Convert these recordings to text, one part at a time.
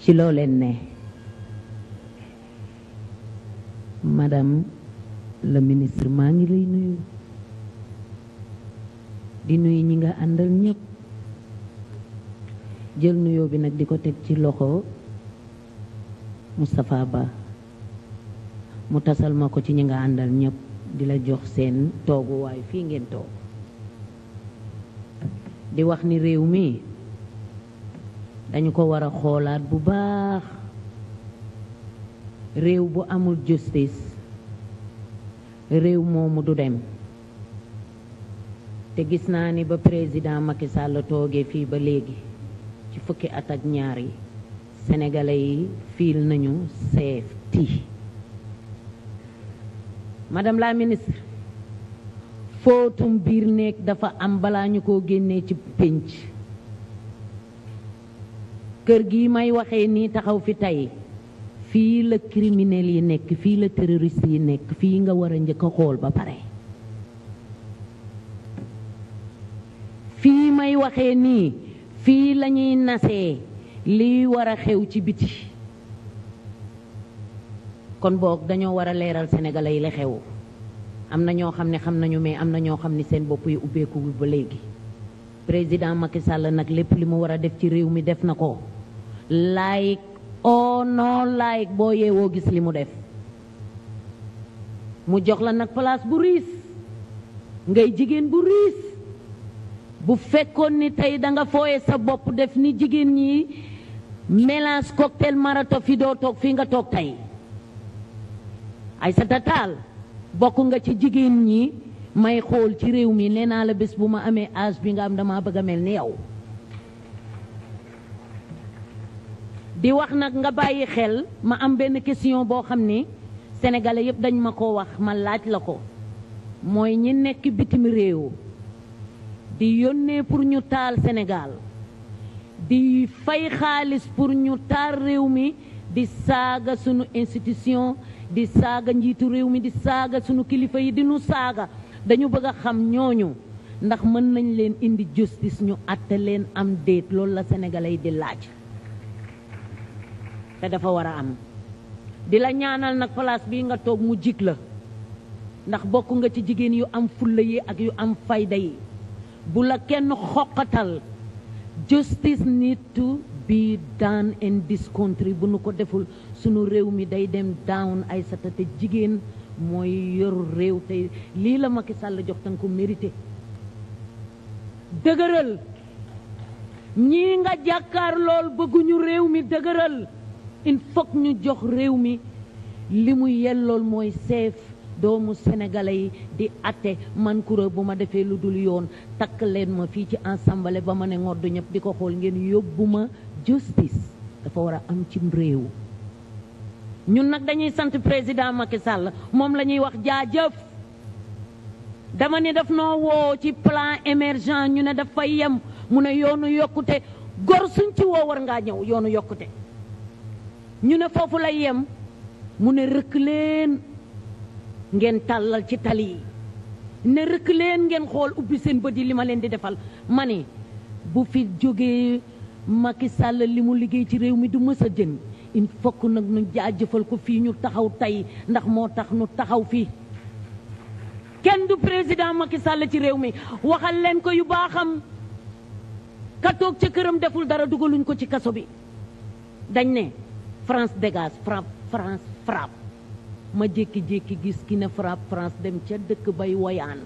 ci loo ne madame la ministre maa ngi lay nuyu di nuyu ñi nga àndal ñépp jël nuyoo bi nag di ko teg ci loxo Moustapha Ba mu tasal ma ko ci ñi nga àndal ñëpp di la jox seen tooguwaay fii ngeen toog di wax ni réew mi dañu ko war a xoolaat bu baax réew bu amul justice réew moomu du dem te gis naa ni ba président Macky Sall toogee fii ba léegi ci fukki at ak ñaar yi sénégalais yi fiil nañu seefti madame la ministre footum biir néeg dafa am balaa ñu ko génnee ci pénc kër gi may waxee nii taxaw fi tey fii la criminel yi nekk fii la terroriste yi nekk fii nga war a njëkk a xool ba pare fii may waxee nii fii lañuy nasee liy war a xew ci biti kon boog dañoo war a leeral sénégalais yi la am na ñoo xam ne xam nañu mais am na ñoo xam ne seen bopp yi ubbeekuwul ba léegi président Macky sàll nag lépp li mu war a def ci réew mi def na ko like oh non like boo yeewoo gis li mu def mu jox la nag palaas bu riis ngay jigéen bu riis bu fekkoon ni tey danga nga fooye sa bopp def ni jigéen ñi mélange cocktail marato fi doo toog fii nga toog tey Aïssata Tall bokk nga ci jigéen ñi may xool ci réew mi nee naa la bés bu ma amee as bi nga am dama bëgg a mel ni yow di wax nag nga bàyyi xel ma am benn question boo xam ni sénégalais yëpp dañ ma ko wax ma laaj la ko mooy ñi nekk bitim réew di yónnee pour ñu taal Sénégal di fay xaalis pour ñu taal réew mi di saaga sunu institution di saaga njiitu réew mi di saaga sunu kilifa yi di nu saaga dañu bëgg a xam ñooñu ndax mën nañ leen indi justice ñu àtte leen am déet loolu la sénégalais yi di laaj te dafa war a am di la ñaanal nag palaas bii nga toog mu jig la ndax bokk nga ci jigéen yu am fulla yi ak yu am fayda yi bu la kenn xoqatal justice need bi be done in bu nu ko deful sunu réew mi day dem down ay sata te jigéen mooy yoru réew te lii la Macky sàll jox tan ko mérité dëgëral ñii nga jàkkaar lool bëgguñu réew mi dëgëral il faut ñu jox réew mi li mu yellool mooy seef doomu sénégalais yi di atte man Coura bu ma defee lu dul yoon takk leen ma fii ci ensemble ba ma ne ngodd ñëpp di ko xool ngeen yóbbu ma justice dafa war a am cim réew ñun nag dañuy sant président Macky Sall moom la ñuy wax jaajëf dama ni daf noo woo ci plan émergent ñu ne dafay yem mu ne yoonu yokkute gor suñ ci woo war ngaa ñëw yoonu yokkute ñu ne foofu lay yem mu ne rëkk leen ngeen tàllal ci tali yi ne rëkk leen ngeen xool ubbi seen bët yi li ma leen di defal mani bu fi jógee Macky Sall li mu liggéey ci réew mi du mës a jën il faut que nag ñu jaajëfal ko fii ñu taxaw tey ndax moo tax ñu taxaw fii kenn du président Macky Sall ci réew mi waxal leen ko yu baaxam ka toog ca këram deful dara dugaluñ ko ci kaso bi dañ ne France dégage frappe France frappe ma jékki-jékki gis ki ne frappe France dem ca dëkk bay woyaan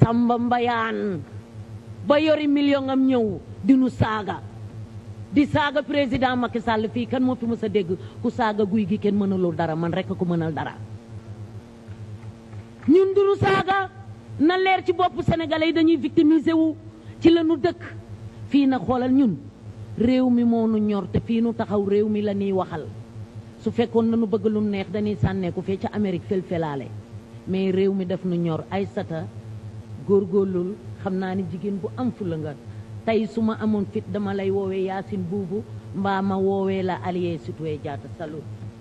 samba mbayaan ba yori million am ñëw dinu saaga di saaga président Macky Sall fii kan moo fi mës a dégg ku saaga guy gi kenn mënalul dara man rekk ku mënal dara ñun du nu saaga na leer ci bopp sénégalais yi dañuy victimiser wu ci la dëkk fii na xoolal ñun réew mi moo nu ñor te fii nu taxaw réew mi la ñuy waxal su fekkoon nañu bëgg lu neex dañuy sànneeku fee ca Amérique fel-felaale mais réew mi def nu ñor ay sata góor góorgóorlul xam naa ni jigéen bu am fu la nga tey su ma amoon fit dama lay woowe Yaasin buubu mbaa ma woowee la Aline Sitoé Diatta salut